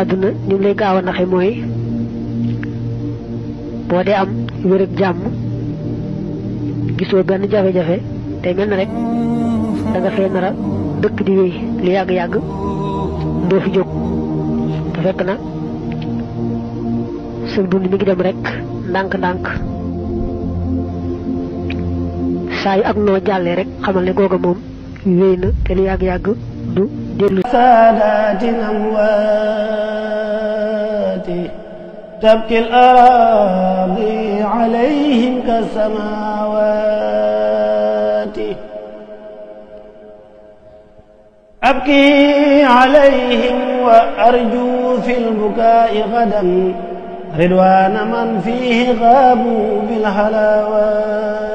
àdduna ñu lay gaaw a naxe mooy boo dee am wér ak jàmm gisoo benn jafe-jafe te mel na rek da fee nara dëkk di wéy li yàgg-yàgg doo fi jóg te fekk na sa dund mi ngi dem rek ndànk-ndànk saa yu ak noo jàllee rek xamal ne googa moom wéy na te li yàgg-yàgg du dellu تبكي الأراضي عليهم كالسماوات أبكي عليهم وأرجو في البكاء غدا رضوان من فيه غابوا بالهلاوات